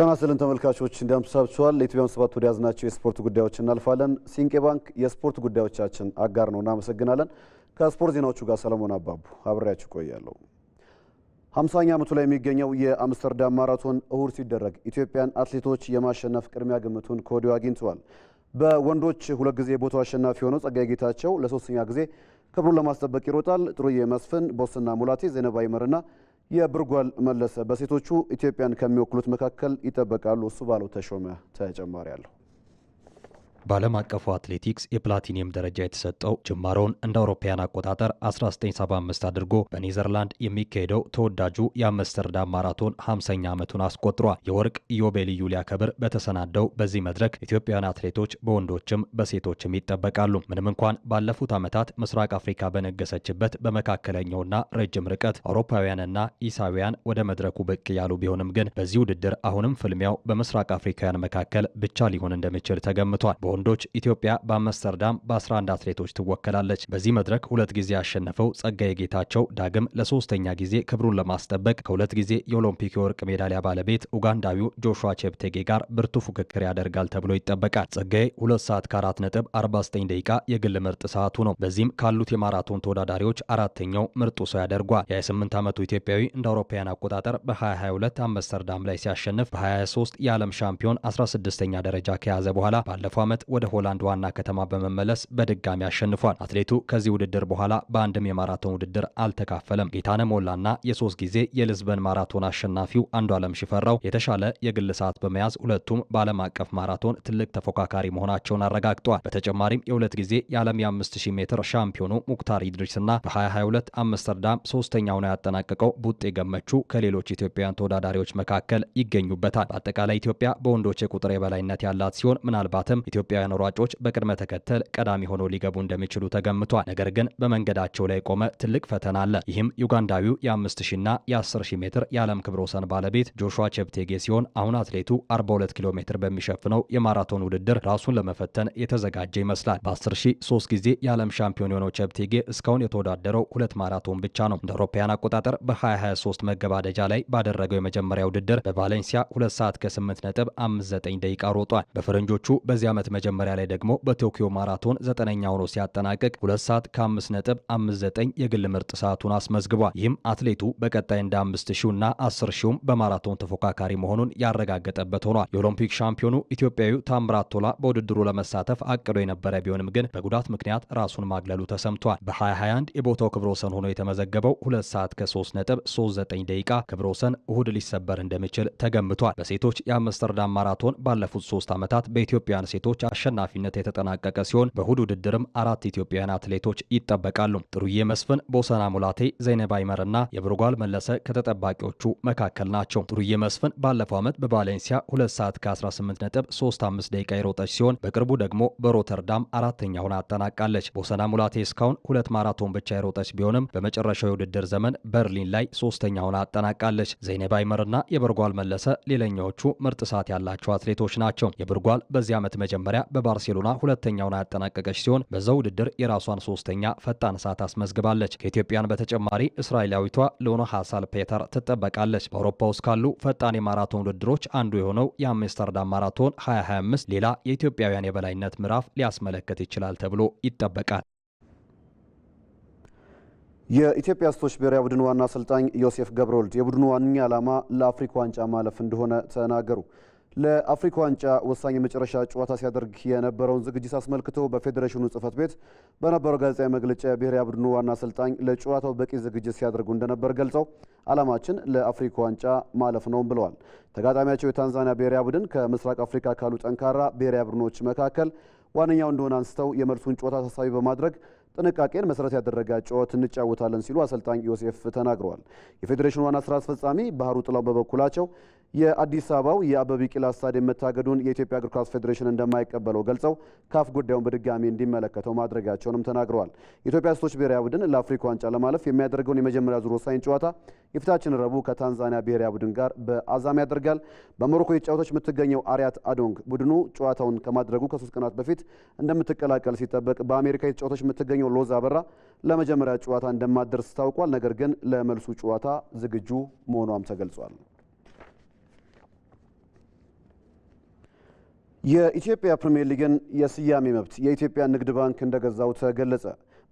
ጤና ይስጥልን ተመልካቾች እንደምሳብቻችኋል። ለኢትዮጵያ ሰባት ወደ ያዝናቸው የስፖርት ጉዳዮች እናልፋለን። ሲንቄ ባንክ የስፖርት ጉዳዮቻችን አጋር ነው፣ እናመሰግናለን። ከስፖርት ዜናዎቹ ጋር ሰለሞን አባቡ አብሬያችሁ ቆያለሁ። ሃምሳኛ ዓመቱ ላይ የሚገኘው የአምስተርዳም ማራቶን እሁድ ሲደረግ ኢትዮጵያን አትሌቶች የማሸነፍ ቅድሚያ ግምቱን ከወዲሁ አግኝተዋል። በወንዶች ሁለት ጊዜ ቦታው አሸናፊ የሆነው ጸጋይ ጌታቸው ለሶስተኛ ጊዜ ክብሩን ለማስጠበቅ ይሮጣል። ጥሩዬ መስፍን፣ ቦስና ሙላቴ፣ ዜነባ ይመርና የብርጓል መለሰ በሴቶቹ ኢትዮጵያን ከሚወክሉት መካከል ይጠበቃሉ። እሱ ባለው ተሾመ ተጨማሪ አለሁ በዓለም አቀፉ አትሌቲክስ የፕላቲኒየም ደረጃ የተሰጠው ጅማሮውን እንደ አውሮፓውያን አቆጣጠር 1975 አድርጎ በኔዘርላንድ የሚካሄደው ተወዳጁ የአምስተርዳም ማራቶን 50ኛ ዓመቱን አስቆጥሯል። የወርቅ ኢዮቤልዩ ሊያከብር በተሰናደው በዚህ መድረክ ኢትዮጵያውያን አትሌቶች በወንዶችም በሴቶችም ይጠበቃሉ። ምንም እንኳን ባለፉት ዓመታት ምስራቅ አፍሪካ በነገሰችበት በመካከለኛውና ረጅም ርቀት አውሮፓውያንና ኢሳውያን ወደ መድረኩ ብቅ ያሉ ቢሆንም ግን በዚህ ውድድር አሁንም ፍልሚያው በምስራቅ አፍሪካውያን መካከል ብቻ ሊሆን እንደሚችል ተገምቷል። በወንዶች ኢትዮጵያ በአምስተርዳም በ11 አትሌቶች ትወከላለች። በዚህ መድረክ ሁለት ጊዜ ያሸነፈው ጸጋዬ ጌታቸው ዳግም ለሶስተኛ ጊዜ ክብሩን ለማስጠበቅ ከሁለት ጊዜ የኦሎምፒክ የወርቅ ሜዳሊያ ባለቤት ኡጋንዳዊው ጆሹዋ ቼፕቴጌ ጋር ብርቱ ፉክክር ያደርጋል ተብሎ ይጠበቃል። ጸጋዬ ሁለት ሰዓት ከአራት ነጥብ 49 ደቂቃ የግል ምርጥ ሰዓቱ ነው። በዚህም ካሉት የማራቶን ተወዳዳሪዎች አራተኛው ምርጡ ሰው ያደርጓል። የ28 ዓመቱ ኢትዮጵያዊ እንደ አውሮፓውያን አቆጣጠር በ2022 አምስተርዳም ላይ ሲያሸንፍ በ 23 የዓለም ሻምፒዮን 16ኛ ደረጃ ከያዘ በኋላ ባለፈው ዓመት በመምረጥ ወደ ሆላንድ ዋና ከተማ በመመለስ በድጋሚ አሸንፏል። አትሌቱ ከዚህ ውድድር በኋላ በአንድም የማራቶን ውድድር አልተካፈለም። ጌታነ ሞላና የሶስት ጊዜ የልዝበን ማራቶን አሸናፊው አንዱ ዓለም ሽፈራው የተሻለ የግል ሰዓት በመያዝ ሁለቱም በዓለም አቀፍ ማራቶን ትልቅ ተፎካካሪ መሆናቸውን አረጋግጠዋል። በተጨማሪም የሁለት ጊዜ የዓለም የ5000 ሜትር ሻምፒዮኑ ሙክታር ኢድሪስና በ2022 አምስተርዳም ሶስተኛ ሆነው ያጠናቀቀው ቡጤ ገመቹ ከሌሎች ኢትዮጵያውያን ተወዳዳሪዎች መካከል ይገኙበታል። በአጠቃላይ ኢትዮጵያ በወንዶች የቁጥር የበላይነት ያላት ሲሆን ምናልባትም ኢትዮጵያውያን ሯጮች በቅድመ ተከተል ቀዳሚ ሆነው ሊገቡ እንደሚችሉ ተገምቷል። ነገር ግን በመንገዳቸው ላይ የቆመ ትልቅ ፈተና አለ። ይህም ዩጋንዳዊው የ5000ና የ10000 ሜትር የዓለም ክብረ ወሰን ባለቤት ጆሹዋ ቼፕቴጌ ሲሆን አሁን አትሌቱ 42 ኪሎ ሜትር በሚሸፍነው የማራቶን ውድድር ራሱን ለመፈተን የተዘጋጀ ይመስላል። በ10000 ሶስት ጊዜ የዓለም ሻምፒዮን የሆነው ቼፕቴጌ እስካሁን የተወዳደረው ሁለት ማራቶን ብቻ ነው። እንደ አውሮፓውያን አቆጣጠር በ2023 መገባደጃ ላይ ባደረገው የመጀመሪያ ውድድር በቫሌንሲያ 2 ሰዓት ከ8 ነጥብ 59 ደቂቃ ሮጧል። በፈረንጆቹ በዚህ ዓመት መጀመሪያ ላይ ደግሞ በቶኪዮ ማራቶን ዘጠነኛ ሆኖ ሲያጠናቅቅ ሁለት ሰዓት ከአምስት ነጥብ አምስት ዘጠኝ የግል ምርጥ ሰዓቱን አስመዝግቧል። ይህም አትሌቱ በቀጣይ እንደ አምስት ሺው እና አስር ሺውም በማራቶን ተፎካካሪ መሆኑን ያረጋገጠበት ሆኗል። የኦሎምፒክ ሻምፒዮኑ ኢትዮጵያዊ ታምራት ቶላ በውድድሩ ለመሳተፍ አቅዶ የነበረ ቢሆንም ግን በጉዳት ምክንያት ራሱን ማግለሉ ተሰምቷል። በ2021 የቦታው ክብረ ወሰን ሆኖ የተመዘገበው ሁለት ሰዓት ከ3 ነጥብ 39 ደቂቃ ክብረ ወሰን እሁድ ሊሰበር እንደሚችል ተገምቷል። በሴቶች የአምስተርዳም ማራቶን ባለፉት ሶስት ዓመታት በኢትዮጵያውያን ሴቶች አሸናፊነት የተጠናቀቀ ሲሆን በእሁድ ውድድርም አራት ኢትዮጵያውያን አትሌቶች ይጠበቃሉ። ጥሩዬ መስፍን፣ ቦሰና ሙላቴ፣ ዘይነብ አይመርና የብርጓል መለሰ ከተጠባቂዎቹ መካከል ናቸው። ጥሩዬ መስፍን ባለፈው ዓመት በቫሌንሲያ 2 ሰዓት ከ18 ነጥብ 35 ደቂቃ የሮጠች ሲሆን በቅርቡ ደግሞ በሮተርዳም አራተኛ ሆና አጠናቃለች። ቦሰና ሙላቴ እስካሁን ሁለት ማራቶን ብቻ የሮጠች ቢሆንም በመጨረሻው የውድድር ዘመን በርሊን ላይ ሶስተኛ ሆና አጠናቃለች። ዘይነብ አይመርና የብርጓል መለሰ ሌላኛዎቹ ምርጥ ሰዓት ያላቸው አትሌቶች ናቸው። የብርጓል በዚህ ዓመት መጀመሪያ ማጣሪያ በባርሴሎና ሁለተኛውን ያጠናቀቀች ሲሆን በዛ ውድድር የራሷን ሶስተኛ ፈጣን ሰዓት አስመዝግባለች። ከኢትዮጵያን በተጨማሪ እስራኤላዊቷ ሎና ሃሳል ፔተር ትጠበቃለች። በአውሮፓ ውስጥ ካሉ ፈጣን የማራቶን ውድድሮች አንዱ የሆነው የአምስተርዳም ማራቶን 2025 ሌላ የኢትዮጵያውያን የበላይነት ምዕራፍ ሊያስመለክት ይችላል ተብሎ ይጠበቃል። የኢትዮጵያ ሴቶች ብሔራዊ ቡድን ዋና አሰልጣኝ ዮሴፍ ገብረወልድ የቡድኑ ዋነኛ ዓላማ ለአፍሪካ ዋንጫ ማለፍ እንደሆነ ተናገሩ። ለአፍሪካ ዋንጫ ወሳኝ የመጨረሻ ጨዋታ ሲያደርግ የነበረውን ዝግጅት አስመልክቶ በፌዴሬሽኑ ጽሕፈት ቤት በነበረው ጋዜጣዊ መግለጫ የብሔራዊ ቡድኑ ዋና አሰልጣኝ ለጨዋታው በቂ ዝግጅት ሲያደርጉ እንደነበር ገልጸው ዓላማችን ለአፍሪካ ዋንጫ ማለፍ ነው ብለዋል። ተጋጣሚያቸው የታንዛኒያ ብሔራዊ ቡድን ከምስራቅ አፍሪካ ካሉ ጠንካራ ብሔራዊ ቡድኖች መካከል ዋነኛው እንደሆነ አንስተው የመልሱን ጨዋታ ታሳቢ በማድረግ ጥንቃቄን መሰረት ያደረገ ጨዋታ እንጫወታለን ሲሉ አሰልጣኝ ዮሴፍ ተናግረዋል። የፌዴሬሽኑ ዋና ስራ አስፈጻሚ ባህሩ ጥላው በበኩላቸው የአዲስ አበባው የአበበ ቢቂላ ስታዲየም መታገዱን የኢትዮጵያ እግር ኳስ ፌዴሬሽን እንደማይቀበለው ገልጸው ካፍ ጉዳዩን በድጋሚ እንዲመለከተው ማድረጋቸውንም ተናግረዋል። የኢትዮጵያ ሴቶች ብሔራዊ ቡድን ለአፍሪካ ዋንጫ ለማለፍ የሚያደርገውን የመጀመሪያ ዙር ወሳኝ ጨዋታ የፊታችን ረቡዕ ከታንዛኒያ ብሔራዊ ቡድን ጋር በአዛም ያደርጋል። በሞሮኮ የተጫወተች የምትገኘው አሪያት አዶንግ ቡድኑ ጨዋታውን ከማድረጉ ከሶስት ቀናት በፊት እንደምትቀላቀል ሲጠበቅ በአሜሪካ የተጫወተች የምትገኘው አሰልጣኙ ሎዛ አበራ ለመጀመሪያ ጨዋታ እንደማትደርስ ታውቋል። ነገር ግን ለመልሱ ጨዋታ ዝግጁ መሆኗም ተገልጿል። የኢትዮጵያ ፕሪሚየር ሊግን የስያሜ መብት የኢትዮጵያ ንግድ ባንክ እንደገዛው ተገለጸ።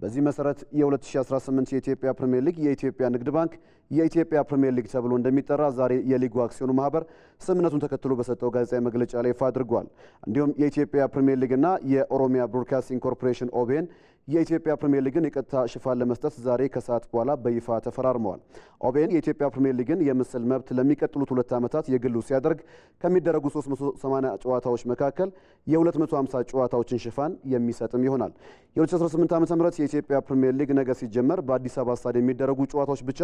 በዚህ መሰረት የ2018 የኢትዮጵያ ፕሪሚየር ሊግ የኢትዮጵያ ንግድ ባንክ የኢትዮጵያ ፕሪሚየር ሊግ ተብሎ እንደሚጠራ ዛሬ የሊጉ አክሲዮኑ ማህበር ስምምነቱን ተከትሎ በሰጠው ጋዜጣዊ መግለጫ ላይ ይፋ አድርጓል። እንዲሁም የኢትዮጵያ ፕሪሚየር ሊግና የኦሮሚያ ብሮድካስቲንግ ኮርፖሬሽን ኦቤን የኢትዮጵያ ፕሪምየር ሊግን የቀጥታ ሽፋን ለመስጠት ዛሬ ከሰዓት በኋላ በይፋ ተፈራርመዋል። ኦቤን የኢትዮጵያ ፕሪምየር ሊግን የምስል መብት ለሚቀጥሉት ሁለት ዓመታት የግሉ ሲያደርግ ከሚደረጉ 380 ጨዋታዎች መካከል የ250 ጨዋታዎችን ሽፋን የሚሰጥም ይሆናል። የ2018 ዓ ም የኢትዮጵያ ፕሪምየር ሊግ ነገ ሲጀመር በአዲስ አበባ ስታድ የሚደረጉ ጨዋታዎች ብቻ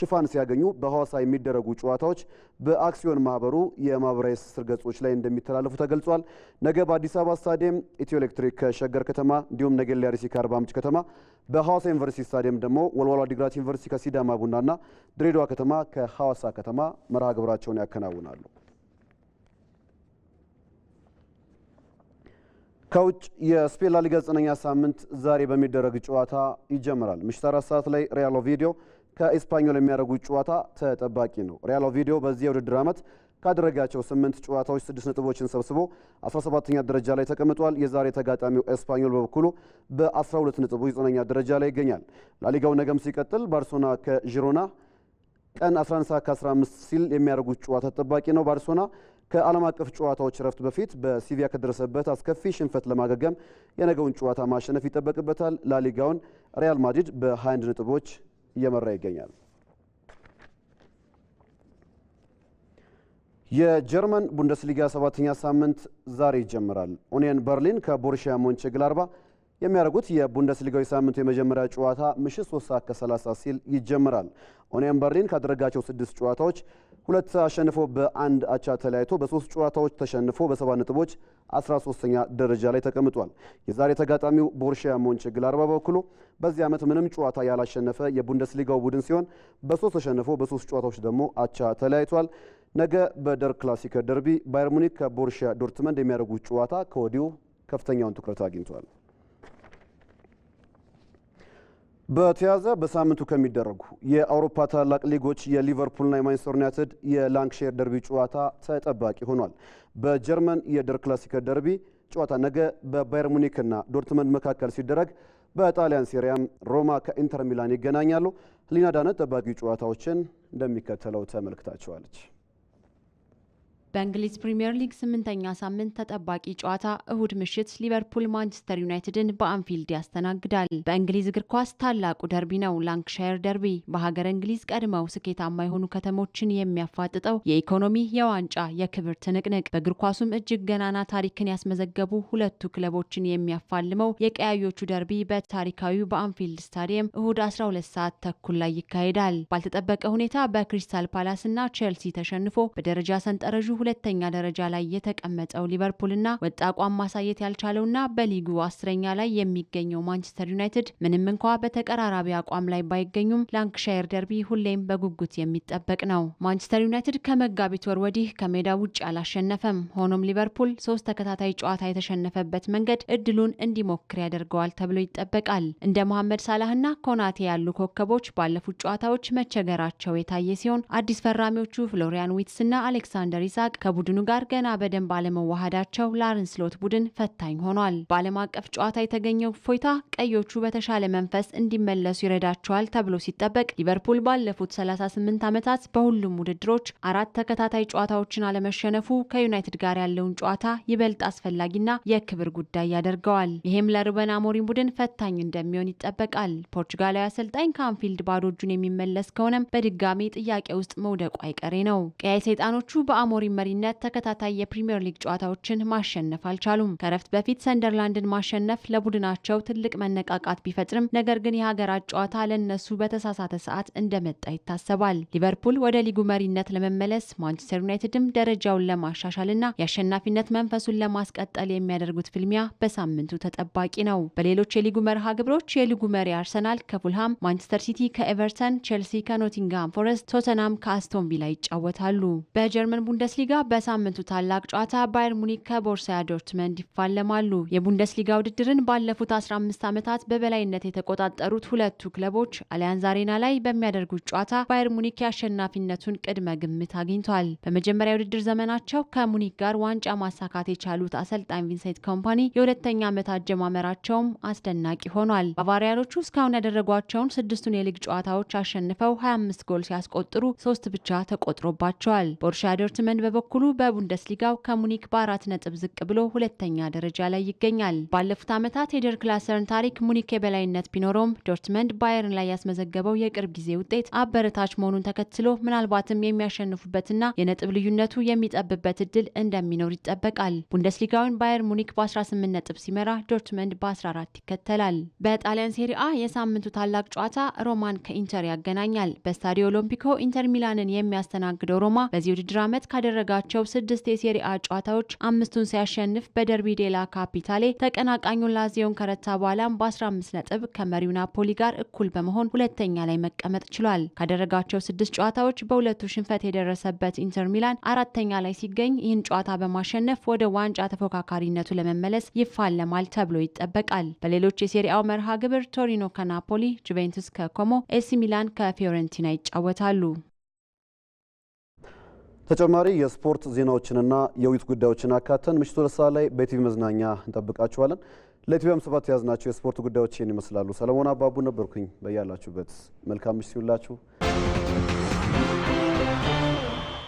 ሽፋን ሲያገኙ፣ በሐዋሳ የሚደረጉ ጨዋታዎች በአክሲዮን ማህበሩ የማህበራዊ ትስስር ገጾች ላይ እንደሚተላለፉ ተገልጿል። ነገ በአዲስ አበባ ስታዲየም ኢትዮ ኤሌክትሪክ ከሸገር ከተማ እንዲሁም ነገሌ አርሲ ከአርባ ምንጭ ከተማ፣ በሐዋሳ ዩኒቨርሲቲ ስታዲየም ደግሞ ወልዋሎ ዓዲግራት ዩኒቨርሲቲ ከሲዳማ ቡናና ድሬዳዋ ከተማ ከሐዋሳ ከተማ መርሃ ግብራቸውን ያከናውናሉ። ከውጭ የስፔን ላሊጋ ዘጠነኛ ሳምንት ዛሬ በሚደረግ ጨዋታ ይጀምራል። ምሽት አራት ሰዓት ላይ ሪያል ኦቪዲዮ ከኤስፓኞል የሚያደርጉት ጨዋታ ተጠባቂ ነው። ሪያል ኦቪዲዮ በዚህ የውድድር ዓመት ካደረጋቸው ስምንት ጨዋታዎች ስድስት ነጥቦችን ሰብስቦ 17ኛ ደረጃ ላይ ተቀምጧል። የዛሬ ተጋጣሚው ኤስፓኞል በበኩሉ በ12 ነጥቦች 9 ደረጃ ላይ ይገኛል። ላሊጋው ነገም ሲቀጥል ባርሶና ከዢሮና ቀን 11 ሰዓት ከ15 ሲል የሚያደርጉት ጨዋታ ተጠባቂ ነው። ባርሶና ከዓለም አቀፍ ጨዋታዎች ረፍት በፊት በሲቪያ ከደረሰበት አስከፊ ሽንፈት ለማገገም የነገውን ጨዋታ ማሸነፍ ይጠበቅበታል። ላሊጋውን ሪያል ማድሪድ በ21 ነጥቦች እየመራ ይገኛል። የጀርመን ቡንደስሊጋ ሰባተኛ ሳምንት ዛሬ ይጀምራል። ኦኒየን በርሊን ከቦርሻ ሞንቼግላርባ የሚያደርጉት የቡንደስሊጋዊ ሳምንቱ የመጀመሪያ ጨዋታ ምሽት 3 ሰዓት ከ30 ሲል ይጀምራል። ኦኒየን በርሊን ካደረጋቸው ስድስት ጨዋታዎች ሁለት አሸንፎ በአንድ አቻ ተለያይቶ በሶስት ጨዋታዎች ተሸንፎ በሰባ ነጥቦች 13ኛ ደረጃ ላይ ተቀምጧል። የዛሬ ተጋጣሚው ቦሩሺያ ሞንቼግላርባ በበኩሉ በዚህ ዓመት ምንም ጨዋታ ያላሸነፈ የቡንደስሊጋው ቡድን ሲሆን በሶስት ተሸንፎ በሶስት ጨዋታዎች ደግሞ አቻ ተለያይቷል። ነገ በደር ክላሲከር ደርቢ ባየር ሙኒክ ከቦሩሺያ ዶርትመንድ የሚያደርጉት ጨዋታ ከወዲሁ ከፍተኛውን ትኩረት አግኝቷል። በተያዘ በሳምንቱ ከሚደረጉ የአውሮፓ ታላቅ ሊጎች የሊቨርፑልና የማንቸስተር ዩናይትድ የላንክሼር ደርቢ ጨዋታ ተጠባቂ ሆኗል። በጀርመን የደር ክላሲከር ደርቢ ጨዋታ ነገ በባየር ሙኒክና ዶርትመንድ መካከል ሲደረግ በጣሊያን ሴሪያም ሮማ ከኢንተር ሚላን ይገናኛሉ። ህሊና ጠባቂ ጨዋታዎችን እንደሚከተለው ተመልክታቸዋለች። በእንግሊዝ ፕሪምየር ሊግ ስምንተኛ ሳምንት ተጠባቂ ጨዋታ እሁድ ምሽት ሊቨርፑል ማንቸስተር ዩናይትድን በአንፊልድ ያስተናግዳል። በእንግሊዝ እግር ኳስ ታላቁ ደርቢ ነው ላንክሻየር ደርቢ። በሀገር እንግሊዝ ቀድመው ስኬታማ የሆኑ ከተሞችን የሚያፋጥጠው የኢኮኖሚ የዋንጫ የክብር ትንቅንቅ፣ በእግር ኳሱም እጅግ ገናና ታሪክን ያስመዘገቡ ሁለቱ ክለቦችን የሚያፋልመው የቀያዮቹ ደርቢ በታሪካዊው በአንፊልድ ስታዲየም እሁድ 12 ሰዓት ተኩል ላይ ይካሄዳል። ባልተጠበቀ ሁኔታ በክሪስታል ፓላስ ቼልሲ ተሸንፎ በደረጃ ሰንጠረዡ ሁለተኛ ደረጃ ላይ የተቀመጠው ሊቨርፑልና ወጥ አቋም ማሳየት ያልቻለውና በሊጉ አስረኛ ላይ የሚገኘው ማንቸስተር ዩናይትድ ምንም እንኳ በተቀራራቢ አቋም ላይ ባይገኙም ላንክሻየር ደርቢ ሁሌም በጉጉት የሚጠበቅ ነው። ማንቸስተር ዩናይትድ ከመጋቢት ወር ወዲህ ከሜዳ ውጭ አላሸነፈም። ሆኖም ሊቨርፑል ሶስት ተከታታይ ጨዋታ የተሸነፈበት መንገድ እድሉን እንዲሞክር ያደርገዋል ተብሎ ይጠበቃል። እንደ መሐመድ ሳላህና ኮናቴ ያሉ ኮከቦች ባለፉት ጨዋታዎች መቸገራቸው የታየ ሲሆን አዲስ ፈራሚዎቹ ፍሎሪያን ዊትስና አሌክሳንደር ይሳ። ምስራቅ ከቡድኑ ጋር ገና በደንብ አለመዋሃዳቸው ለአርነ ስሎት ቡድን ፈታኝ ሆኗል። በዓለም አቀፍ ጨዋታ የተገኘው እፎይታ ቀዮቹ በተሻለ መንፈስ እንዲመለሱ ይረዳቸዋል ተብሎ ሲጠበቅ ሊቨርፑል ባለፉት 38 ዓመታት በሁሉም ውድድሮች አራት ተከታታይ ጨዋታዎችን አለመሸነፉ ከዩናይትድ ጋር ያለውን ጨዋታ ይበልጥ አስፈላጊና የክብር ጉዳይ ያደርገዋል። ይህም ለሩበን አሞሪም ቡድን ፈታኝ እንደሚሆን ይጠበቃል። ፖርቹጋላዊ አሰልጣኝ ከአንፊልድ ባዶ እጁን የሚመለስ ከሆነም በድጋሚ ጥያቄ ውስጥ መውደቁ አይቀሬ ነው። ቀያይ ሰይጣኖቹ በአሞሪም መሪነት ተከታታይ የፕሪምየር ሊግ ጨዋታዎችን ማሸነፍ አልቻሉም። ከረፍት በፊት ሰንደርላንድን ማሸነፍ ለቡድናቸው ትልቅ መነቃቃት ቢፈጥርም ነገር ግን የሀገራት ጨዋታ ለነሱ በተሳሳተ ሰዓት እንደመጣ ይታሰባል። ሊቨርፑል ወደ ሊጉ መሪነት ለመመለስ፣ ማንቸስተር ዩናይትድም ደረጃውን ለማሻሻልና የአሸናፊነት መንፈሱን ለማስቀጠል የሚያደርጉት ፍልሚያ በሳምንቱ ተጠባቂ ነው። በሌሎች የሊጉ መርሃ ግብሮች የሊጉ መሪ አርሰናል ከፉልሃም፣ ማንቸስተር ሲቲ ከኤቨርተን፣ ቼልሲ ከኖቲንግሃም ፎረስት፣ ቶተናም ከአስቶን ቪላ ይጫወታሉ። በጀርመን ቡንደስሊጋ ቡንደስሊጋ በሳምንቱ ታላቅ ጨዋታ ባየር ሙኒክ ከቦርሳያ ዶርትመንድ ይፋለማሉ። የቡንደስሊጋ ውድድርን ባለፉት 15 ዓመታት በበላይነት የተቆጣጠሩት ሁለቱ ክለቦች አሊያንዝ አሬና ላይ በሚያደርጉት ጨዋታ ባየር ሙኒክ የአሸናፊነቱን ቅድመ ግምት አግኝቷል። በመጀመሪያ የውድድር ዘመናቸው ከሙኒክ ጋር ዋንጫ ማሳካት የቻሉት አሰልጣኝ ቪንሴንት ኮምፓኒ የሁለተኛ ዓመት አጀማመራቸውም አስደናቂ ሆኗል። ባቫሪያኖቹ እስካሁን ያደረጓቸውን ስድስቱን የሊግ ጨዋታዎች አሸንፈው 25 ጎል ሲያስቆጥሩ ሶስት ብቻ ተቆጥሮባቸዋል። ቦርሻ ዶርትመንድ በበ በበኩሉ በቡንደስሊጋው ከሙኒክ በአራት ነጥብ ዝቅ ብሎ ሁለተኛ ደረጃ ላይ ይገኛል። ባለፉት ዓመታት የደር ክላሰርን ታሪክ ሙኒክ የበላይነት ቢኖረውም ዶርትመንድ ባየርን ላይ ያስመዘገበው የቅርብ ጊዜ ውጤት አበረታች መሆኑን ተከትሎ ምናልባትም የሚያሸንፉበትና የነጥብ ልዩነቱ የሚጠብበት እድል እንደሚኖር ይጠበቃል። ቡንደስሊጋውን ባየር ሙኒክ በ18 ነጥብ ሲመራ ዶርትመንድ በ14 ይከተላል። በጣሊያን ሴሪአ የሳምንቱ ታላቅ ጨዋታ ሮማን ከኢንተር ያገናኛል። በስታዲዮ ኦሎምፒኮ ኢንተር ሚላንን የሚያስተናግደው ሮማ በዚህ ውድድር ዓመት ካደረገ ባደረጋቸው ስድስት የሴሪአ ጨዋታዎች አምስቱን ሲያሸንፍ በደርቢ ዴላ ካፒታሌ ተቀናቃኙን ላዚዮን ከረታ በኋላም በ15 ነጥብ ከመሪው ናፖሊ ጋር እኩል በመሆን ሁለተኛ ላይ መቀመጥ ችሏል። ካደረጋቸው ስድስት ጨዋታዎች በሁለቱ ሽንፈት የደረሰበት ኢንተር ሚላን አራተኛ ላይ ሲገኝ ይህን ጨዋታ በማሸነፍ ወደ ዋንጫ ተፎካካሪነቱ ለመመለስ ይፋለማል ተብሎ ይጠበቃል። በሌሎች የሴሪአው መርሃ ግብር ቶሪኖ ከናፖሊ፣ ጁቬንቱስ ከኮሞ፣ ኤሲ ሚላን ከፊዮረንቲና ይጫወታሉ። ተጨማሪ የስፖርት ዜናዎችንና የውይይት ጉዳዮችን አካተን ምሽቱ ሁለት ላይ በኢቲቪ መዝናኛ እንጠብቃችኋለን። ለኢትዮጵያም ሰባት የያዝናቸው የስፖርት ጉዳዮች ይህን ይመስላሉ። ሰለሞን አባቡ ነበርኩኝ። በያላችሁበት መልካም ምሽት ይሁንላችሁ።